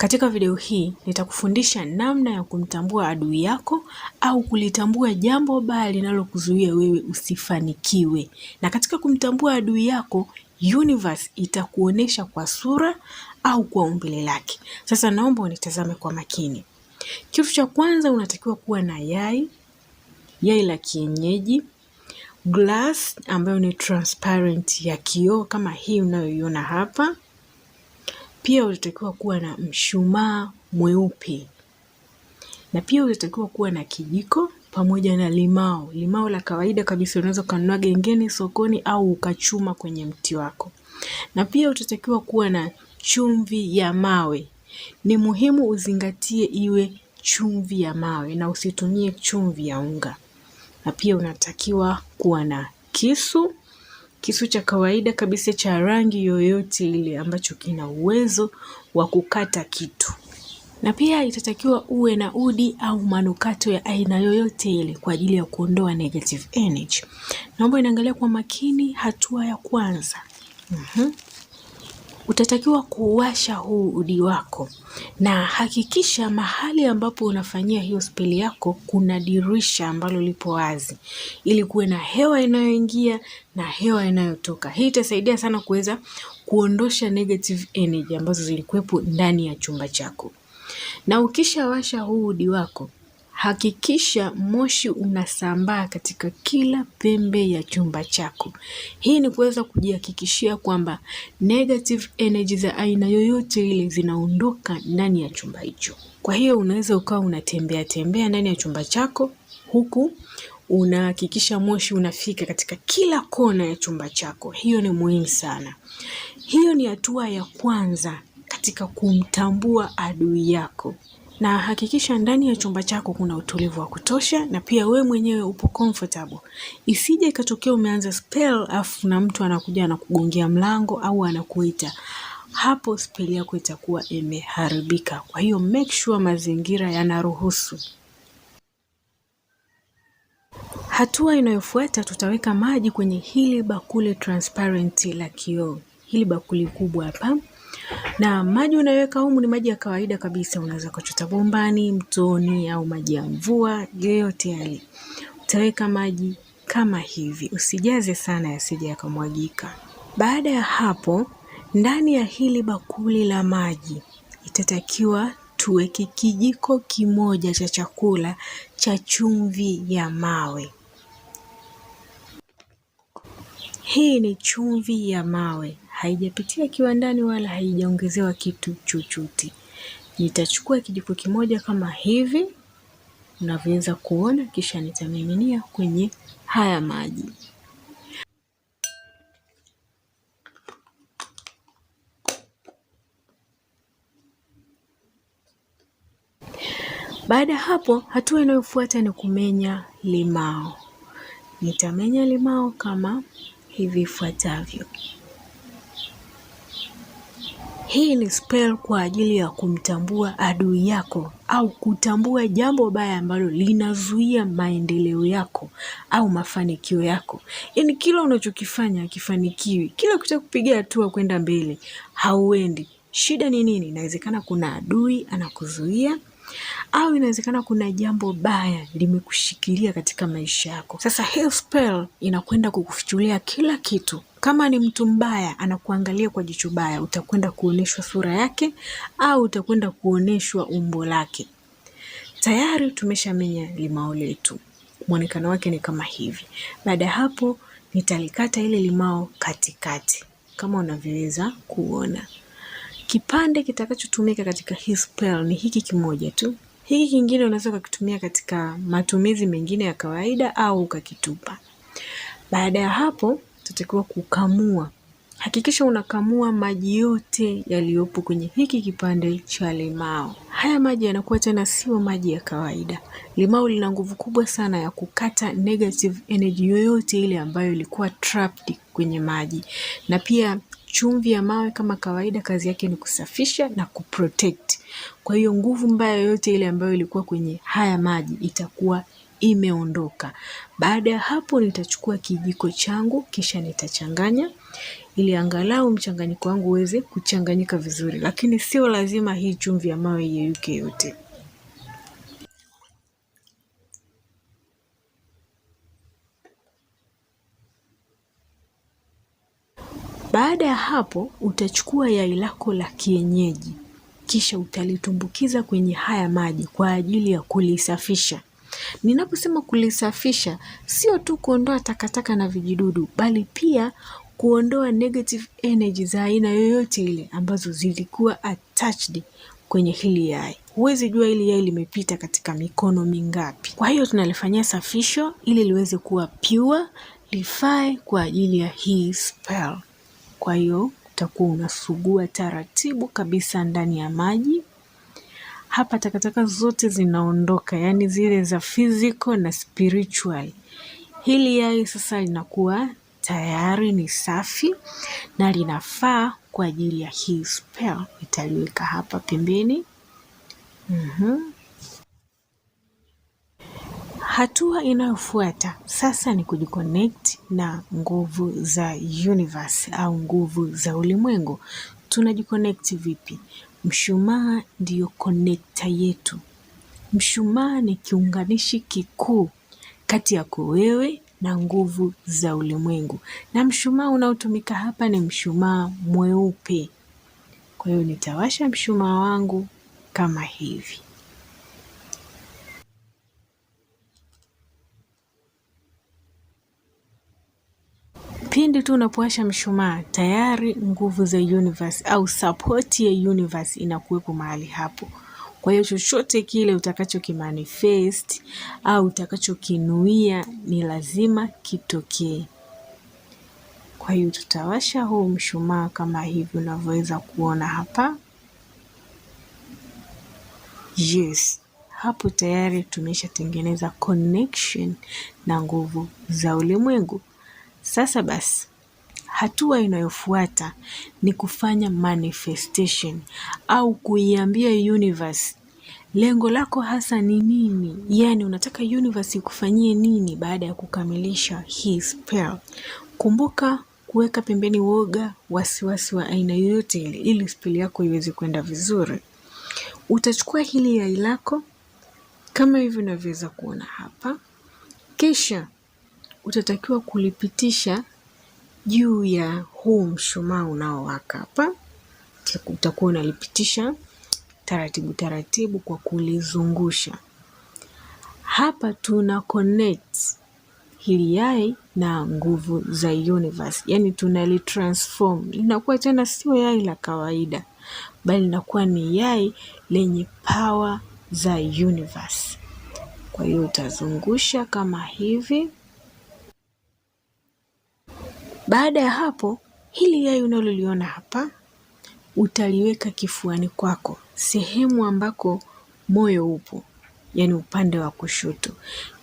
Katika video hii nitakufundisha namna ya kumtambua adui yako au kulitambua jambo baya linalokuzuia wewe usifanikiwe. Na katika kumtambua adui yako, universe itakuonesha kwa sura au kwa umbile lake. Sasa naomba unitazame kwa makini. Kitu cha kwanza unatakiwa kuwa na yai, yai la kienyeji, glass ambayo ni transparent ya kioo kama hii unayoiona hapa pia unatakiwa kuwa na mshumaa mweupe, na pia unatakiwa kuwa na kijiko pamoja na limao. Limao la kawaida kabisa unaweza ukanunua gengeni sokoni au ukachuma kwenye mti wako, na pia utatakiwa kuwa na chumvi ya mawe. Ni muhimu uzingatie iwe chumvi ya mawe na usitumie chumvi ya unga, na pia unatakiwa kuwa na kisu kisu cha kawaida kabisa cha rangi yoyote ile ambacho kina uwezo wa kukata kitu, na pia itatakiwa uwe na udi au manukato ya aina yoyote ile kwa ajili ya kuondoa negative energy. Naomba inaangalia kwa makini hatua ya kwanza. mm -hmm. Utatakiwa kuwasha huu udi wako na hakikisha mahali ambapo unafanyia hiyo speli yako kuna dirisha ambalo lipo wazi ili kuwe na hewa inayoingia na hewa inayotoka. Hii itasaidia sana kuweza kuondosha negative energy ambazo zilikuwepo ndani ya chumba chako. Na ukishawasha huu udi wako Hakikisha moshi unasambaa katika kila pembe ya chumba chako. Hii ni kuweza kujihakikishia kwamba negative energy za aina yoyote ile zinaondoka ndani ya chumba hicho. Kwa hiyo unaweza ukawa unatembea tembea ndani ya chumba chako huku unahakikisha moshi unafika katika kila kona ya chumba chako. Hiyo ni muhimu sana. Hiyo ni hatua ya kwanza katika kumtambua adui yako na hakikisha ndani ya chumba chako kuna utulivu wa kutosha, na pia we mwenyewe upo comfortable. Isije ikatokea umeanza spell afu na mtu anakuja na kugongea mlango au anakuita hapo spell yako itakuwa imeharibika. Kwa hiyo make sure mazingira yanaruhusu. Hatua inayofuata tutaweka maji kwenye hili bakuli transparent la kioo, hili bakuli kubwa hapa na maji unayoweka humu ni maji ya kawaida kabisa, unaweza kuchota bombani, mtoni au maji ya mvua yoyote yale. Utaweka maji kama hivi, usijaze sana yasije yakamwagika. Baada ya hapo, ndani ya hili bakuli la maji itatakiwa tuweke kijiko kimoja cha chakula cha chumvi ya mawe. Hii ni chumvi ya mawe haijapitia kiwandani wala haijaongezewa kitu chochote. Nitachukua kijiko kimoja kama hivi unavyoweza kuona, kisha nitamiminia kwenye haya maji. Baada ya hapo, hatua inayofuata ni kumenya limao. Nitamenya limao kama hivi ifuatavyo. Hii ni spell kwa ajili ya kumtambua adui yako au kutambua jambo baya ambalo linazuia maendeleo yako au mafanikio yako. Yaani kila unachokifanya hakifanikiwi, kila ukitaka kupiga hatua kwenda mbele hauendi. Shida ni nini? Inawezekana kuna adui anakuzuia au inawezekana kuna jambo baya limekushikilia katika maisha yako. Sasa hiyo spell inakwenda kukufichulia kila kitu. Kama ni mtu mbaya anakuangalia kwa jicho baya, utakwenda kuonyeshwa sura yake au utakwenda kuonyeshwa umbo lake. Tayari tumeshamenya limao letu, mwonekano wake ni kama hivi. Baada ya hapo, nitalikata ile limao katikati kama unavyoweza kuona. Kipande kitakachotumika katika hii spell ni hiki kimoja tu. Hiki kingine unaweza ukakitumia katika matumizi mengine ya kawaida au ukakitupa. Baada ya hapo, tutatakiwa kukamua. Hakikisha unakamua maji yote yaliyopo kwenye hiki kipande cha limao. Haya maji yanakuwa tena sio maji ya kawaida. Limao lina nguvu kubwa sana ya kukata negative energy yoyote ile ambayo ilikuwa trapped kwenye maji, na pia chumvi ya mawe kama kawaida, kazi yake ni kusafisha na kuprotect. Kwa hiyo nguvu mbaya yoyote ile ambayo ilikuwa kwenye haya maji itakuwa imeondoka. Baada ya hapo, nitachukua kijiko changu kisha nitachanganya ili angalau mchanganyiko wangu uweze kuchanganyika vizuri, lakini sio lazima hii chumvi ya mawe iyeyuke yote. Baada ya hapo, utachukua yai lako la kienyeji kisha utalitumbukiza kwenye haya maji kwa ajili ya kulisafisha. Ninaposema kulisafisha, sio tu kuondoa takataka na vijidudu, bali pia kuondoa negative energy za aina yoyote ile ambazo zilikuwa attached kwenye hili yai. Huwezi jua hili yai limepita katika mikono mingapi. Kwa hiyo tunalifanyia safisho ili liweze kuwa pure, lifae kwa ajili ya hii spell. Kwa hiyo utakuwa unasugua taratibu kabisa ndani ya maji. Hapa takataka zote zinaondoka, yaani zile za physical na spiritual. Hili yai sasa linakuwa tayari ni safi na linafaa kwa ajili ya hii spell. Italiweka hapa pembeni. mm -hmm. Hatua inayofuata sasa ni kujiconnect na nguvu za universe au nguvu za ulimwengu. Tunajiconnect vipi? Mshumaa ndiyo konekta yetu. Mshumaa ni kiunganishi kikuu kati yako wewe na nguvu za ulimwengu, na mshumaa unaotumika hapa ni mshumaa mweupe. Kwa hiyo nitawasha mshumaa wangu kama hivi. pindi tu unapowasha mshumaa tayari nguvu za universe au support ya universe inakuwepo mahali hapo. Kwa hiyo chochote kile utakachokimanifest au utakachokinuia ni lazima kitokee. Kwa hiyo tutawasha huu mshumaa kama hivi unavyoweza kuona hapa. Yes, hapo tayari tumeshatengeneza connection na nguvu za ulimwengu. Sasa basi, hatua inayofuata ni kufanya manifestation au kuiambia universe lengo lako hasa ni nini, yaani unataka universe ikufanyie nini baada ya kukamilisha hii spell. Kumbuka kuweka pembeni woga, wasiwasi wa aina yoyote ile, ili spell yako iweze kwenda vizuri. Utachukua hili yai lako kama hivi unavyoweza kuona hapa, kisha utatakiwa kulipitisha juu ya huu mshumaa unaowaka hapa. Utakuwa unalipitisha taratibu taratibu kwa kulizungusha. Hapa tuna connect hili yai na nguvu za universe, yaani tunalitransform, linakuwa tena sio yai la kawaida, bali linakuwa ni yai lenye power za universe. Kwa hiyo utazungusha kama hivi baada ya hapo, hili yai unaloliona hapa utaliweka kifuani kwako, sehemu ambako moyo upo, yani upande wa kushoto,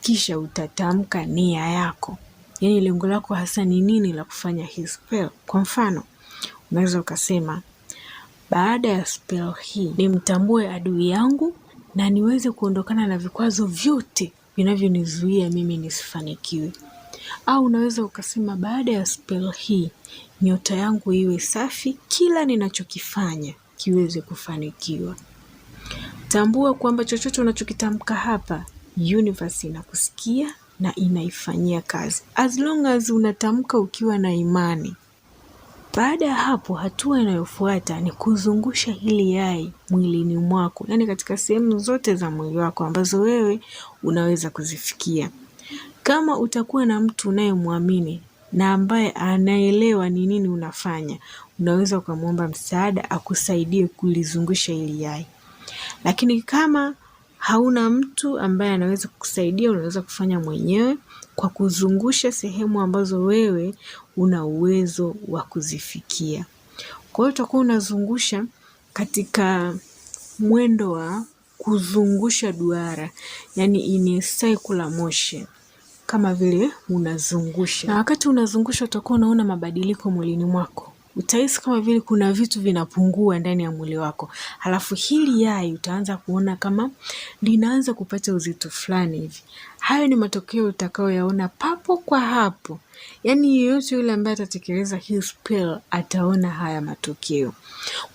kisha utatamka nia yako, yani lengo lako hasa ni nini la kufanya hii spell. Kwa mfano, unaweza ukasema baada ya spell hii nimtambue adui yangu na niweze kuondokana na vikwazo vyote vinavyonizuia mimi nisifanikiwe au unaweza ukasema baada ya spell hii nyota yangu iwe safi, kila ninachokifanya kiweze kufanikiwa. Tambua kwamba chochote unachokitamka hapa universe inakusikia na inaifanyia kazi, as long as unatamka ukiwa na imani. Baada ya hapo, hatua inayofuata ni kuzungusha hili yai mwilini mwako, yaani katika sehemu zote za mwili wako ambazo wewe unaweza kuzifikia. Kama utakuwa na mtu unayemwamini na ambaye anaelewa ni nini unafanya, unaweza ukamwomba msaada akusaidie kulizungusha hili yai. Lakini kama hauna mtu ambaye anaweza kukusaidia, unaweza kufanya mwenyewe kwa kuzungusha sehemu ambazo wewe una uwezo wa kuzifikia. Kwa hiyo utakuwa unazungusha katika mwendo wa kuzungusha duara, yani in a circular motion kama vile unazungusha, na wakati unazungusha utakuwa unaona mabadiliko mwilini mwako utahisi kama vile kuna vitu vinapungua ndani ya mwili wako. Halafu hili yai utaanza kuona kama linaanza kupata uzito fulani hivi. Hayo ni matokeo utakayoyaona papo kwa hapo. Yaani yeyote yule ambaye atatekeleza hii spell ataona haya matokeo.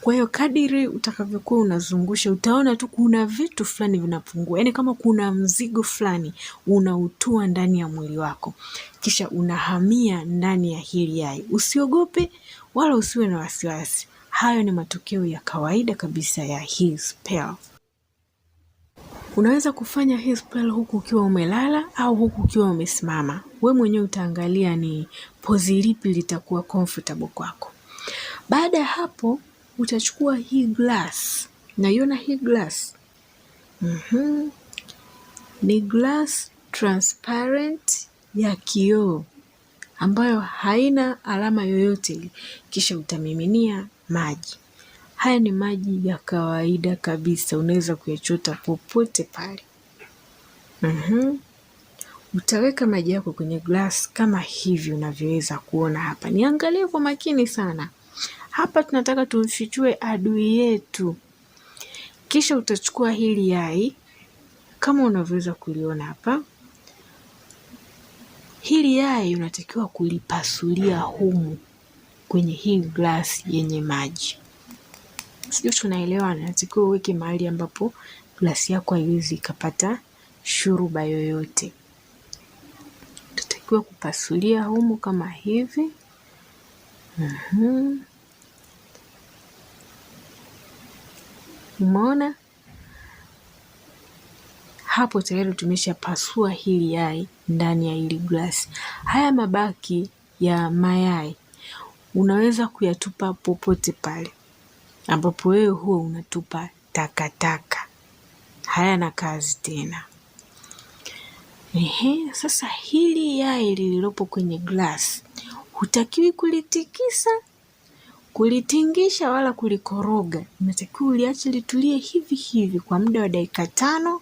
Kwa hiyo kadiri utakavyokuwa unazungusha, utaona tu kuna vitu fulani vinapungua, yaani kama kuna mzigo fulani unautua ndani ya mwili wako, kisha unahamia ndani ya hili yai. Usiogope, wala usiwe na wasiwasi. Hayo ni matokeo ya kawaida kabisa ya hii spell. Unaweza kufanya hii spell huku ukiwa umelala au huku ukiwa umesimama. We mwenyewe utaangalia ni pozi lipi litakuwa comfortable kwako. Baada ya hapo, utachukua hii glass. Naiona hii glass mm -hmm. Ni glass transparent ya kioo ambayo haina alama yoyote kisha utamiminia maji. Haya ni maji ya kawaida kabisa, unaweza kuyachota popote pale. Mm-hmm. Utaweka maji yako kwenye glas kama hivi unavyoweza kuona hapa. Niangalie kwa makini sana hapa, tunataka tumfichue adui yetu. Kisha utachukua hili yai kama unavyoweza kuliona hapa, hili yai unatakiwa kulipasulia humu kwenye hii glasi yenye maji. Sijui tunaelewana? Unatakiwa uweke mahali ambapo glasi yako haiwezi ikapata shuruba yoyote. Tutakiwa kupasulia humu kama hivi. Mhm. Umeona? hapo tayari tumeshapasua hili yai ndani ya hili glasi. Haya mabaki ya mayai unaweza kuyatupa popote pale ambapo wewe huwa unatupa takataka, hayana kazi tena. Ehe, sasa hili yai lililopo kwenye glasi hutakiwi kulitikisa, kulitingisha wala kulikoroga. Unatakiwa uliache litulie hivi hivi kwa muda wa dakika tano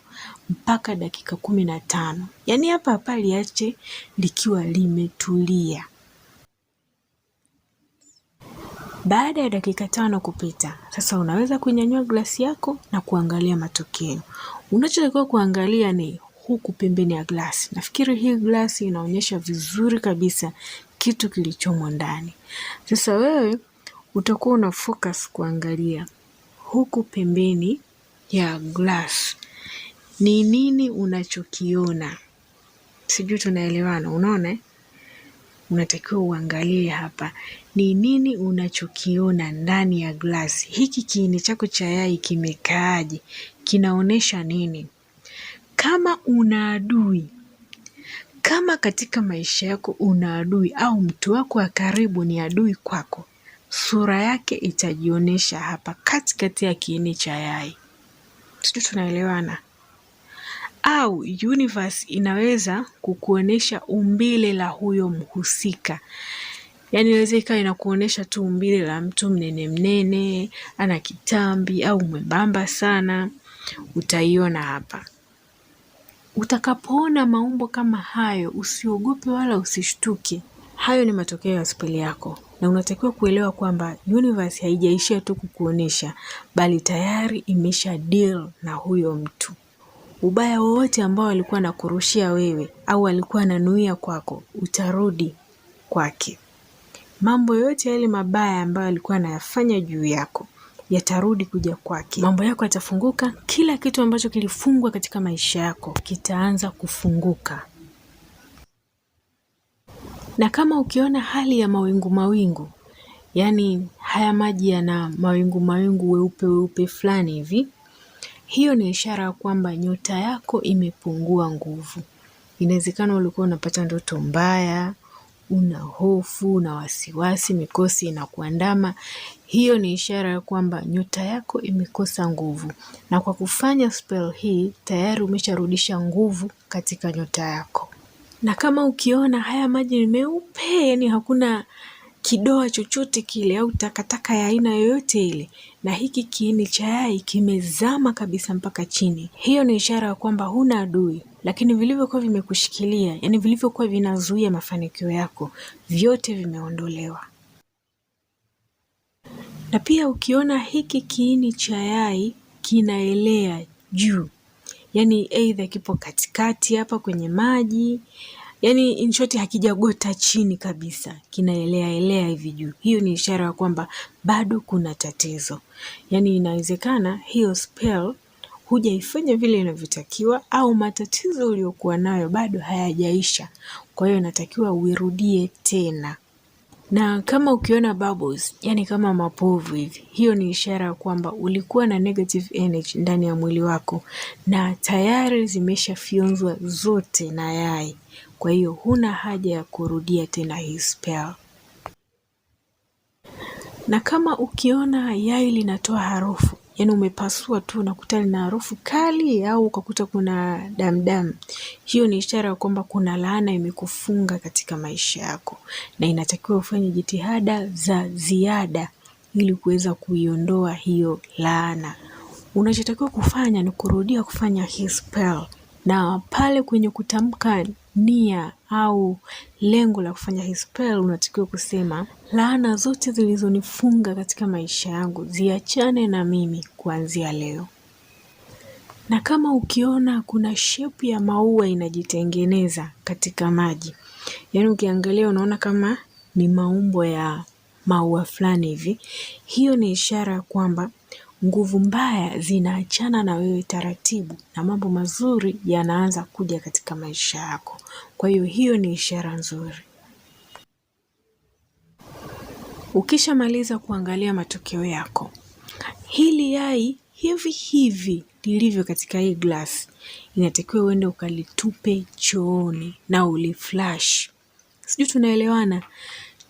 mpaka dakika kumi na tano. Yaani hapa hapa liache likiwa limetulia. Baada ya dakika tano kupita, sasa unaweza kunyanyua glasi yako na kuangalia matokeo. Unachotakiwa kuangalia ni huku pembeni ya glasi. Nafikiri hii glasi inaonyesha vizuri kabisa kitu kilichomo ndani. Sasa wewe utakuwa una focus kuangalia huku pembeni ya glasi ni nini unachokiona. Sijui tunaelewana, unaona unatakiwa uangalie hapa ni nini unachokiona ndani ya glasi. Hiki kiini chako cha yai kimekaaje? Kinaonyesha nini? Kama una adui, kama katika maisha yako una adui au mtu wako wa karibu ni adui kwako, sura yake itajionyesha hapa katikati ya kiini cha yai. Sijui tunaelewana au universe inaweza kukuonesha umbile la huyo mhusika yaani inaweza ikawa inakuonesha tu umbile la mtu mnene mnene, ana kitambi au mwembamba sana, utaiona hapa. Utakapoona maumbo kama hayo, usiogope wala usishtuke. Hayo ni matokeo ya speli yako, na unatakiwa kuelewa kwamba universe haijaishia tu kukuonesha, bali tayari imesha deal na huyo mtu ubaya wowote ambao alikuwa anakurushia wewe au alikuwa ananuia kwako utarudi kwake. Mambo yote yale mabaya ambayo alikuwa anayafanya juu yako yatarudi kuja kwake. Mambo yako yatafunguka, kila kitu ambacho kilifungwa katika maisha yako kitaanza kufunguka. Na kama ukiona hali ya mawingu mawingu, yaani haya maji yana mawingu mawingu weupe weupe fulani hivi hiyo ni ishara ya kwamba nyota yako imepungua nguvu. Inawezekana ulikuwa unapata ndoto mbaya, una hofu, una wasiwasi, mikosi inakuandama. Hiyo ni ishara ya kwamba nyota yako imekosa nguvu, na kwa kufanya spell hii tayari umesharudisha nguvu katika nyota yako. Na kama ukiona haya maji ni meupe, yani hakuna kidoa chochote kile au takataka ya aina yoyote ile, na hiki kiini cha yai kimezama kabisa mpaka chini. Hiyo ni ishara ya kwamba huna adui, lakini vilivyokuwa vimekushikilia, yani vilivyokuwa vinazuia mafanikio yako, vyote vimeondolewa. Na pia ukiona hiki kiini cha yai kinaelea juu, yani aidha kipo katikati hapa kwenye maji yani inshoti hakijagota chini kabisa, kinaelea elea hivi juu. Hiyo ni ishara ya kwamba bado kuna tatizo, yani inawezekana hiyo spell hujaifanya vile inavyotakiwa, au matatizo uliokuwa nayo bado hayajaisha. Kwa hiyo inatakiwa uirudie tena na kama ukiona bubbles, yani kama mapovu hivi, hiyo ni ishara ya kwamba ulikuwa na negative energy ndani ya mwili wako na tayari zimeshafyonzwa zote na yai kwa hiyo huna haja ya kurudia tena hii spell. Na kama ukiona yai linatoa harufu yaani umepasua tu unakuta lina harufu kali au ukakuta kuna damdam hiyo ni ishara ya kwamba kuna laana imekufunga katika maisha yako, na inatakiwa ufanye jitihada za ziada ili kuweza kuiondoa hiyo laana. Unachotakiwa kufanya ni kurudia kufanya hii spell, na pale kwenye kutamka nia au lengo la kufanya hii spell, unatakiwa kusema laana zote zilizonifunga katika maisha yangu ziachane na mimi kuanzia leo. Na kama ukiona kuna shepu ya maua inajitengeneza katika maji, yaani ukiangalia unaona kama ni maumbo ya maua fulani hivi, hiyo ni ishara ya kwamba nguvu mbaya zinaachana na wewe taratibu na mambo mazuri yanaanza kuja katika maisha yako. Kwa hiyo hiyo ni ishara nzuri. Ukishamaliza kuangalia matokeo yako, hili yai hivi hivi lilivyo katika hii glasi, inatakiwa uende ukalitupe chooni na uliflash. Sijui tunaelewana?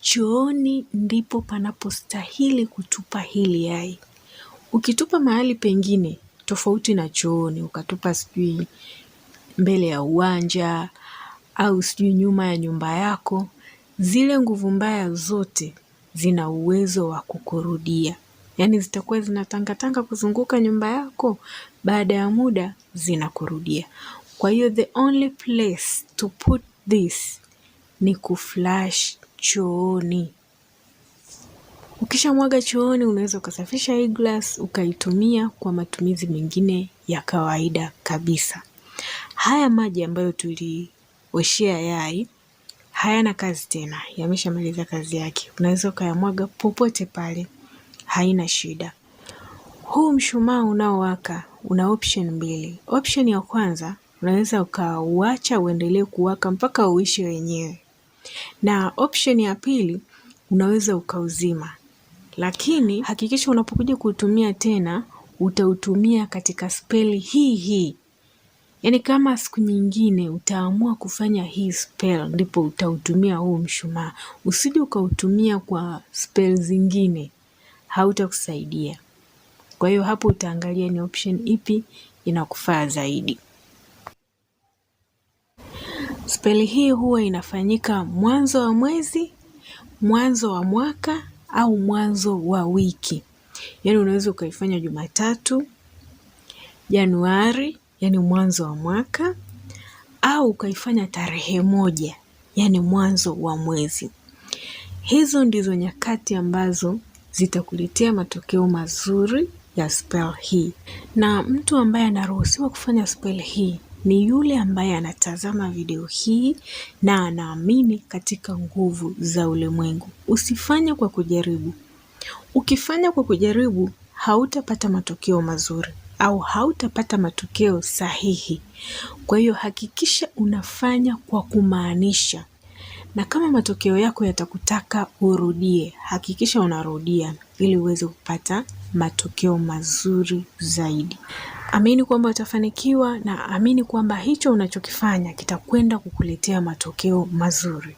Chooni ndipo panapostahili kutupa hili yai. Ukitupa mahali pengine tofauti na chooni, ukatupa sijui mbele ya uwanja au sijui nyuma ya nyumba yako, zile nguvu mbaya zote zina uwezo wa kukurudia, yaani zitakuwa zinatangatanga kuzunguka nyumba yako, baada ya muda zinakurudia. Kwa hiyo the only place to put this ni kuflash chooni. Ukishamwaga chooni, unaweza ukasafisha hii glass ukaitumia kwa matumizi mengine ya kawaida kabisa. Haya maji ambayo tulioshea yai hayana kazi tena, yameshamaliza kazi yake. Unaweza ukayamwaga popote pale, haina shida. Huu mshumaa unaowaka una option mbili. Option ya kwanza unaweza ukauacha uendelee kuwaka mpaka uishe wenyewe, na option ya pili unaweza ukauzima lakini hakikisha unapokuja kuutumia tena utautumia katika speli hii hii. Yaani kama siku nyingine utaamua kufanya hii spell, ndipo utautumia huu mshumaa. Usije ukautumia kwa spell zingine, hautakusaidia. Kwa hiyo hapo utaangalia ni option ipi inakufaa zaidi. Speli hii huwa inafanyika mwanzo wa mwezi, mwanzo wa mwaka au mwanzo wa wiki. Yaani unaweza ukaifanya Jumatatu, Januari, yani mwanzo wa mwaka, au ukaifanya tarehe moja, yani mwanzo wa mwezi. Hizo ndizo nyakati ambazo zitakuletea matokeo mazuri ya spell hii, na mtu ambaye anaruhusiwa kufanya spell hii ni yule ambaye anatazama video hii na anaamini katika nguvu za ulimwengu. Usifanye kwa kujaribu. Ukifanya kwa kujaribu, hautapata matokeo mazuri au hautapata matokeo sahihi. Kwa hiyo hakikisha unafanya kwa kumaanisha, na kama matokeo yako yatakutaka urudie, hakikisha unarudia ili uweze kupata matokeo mazuri zaidi amini kwamba utafanikiwa na amini kwamba hicho unachokifanya kitakwenda kukuletea matokeo mazuri.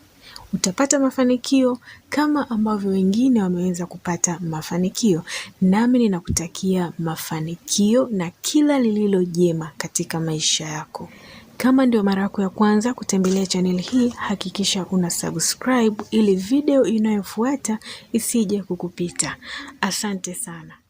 Utapata mafanikio kama ambavyo wengine wameweza kupata mafanikio. Nami ninakutakia mafanikio na kila lililo jema katika maisha yako. Kama ndio mara yako ya kwanza kutembelea chanel hii, hakikisha una subscribe ili video inayofuata isije kukupita. Asante sana.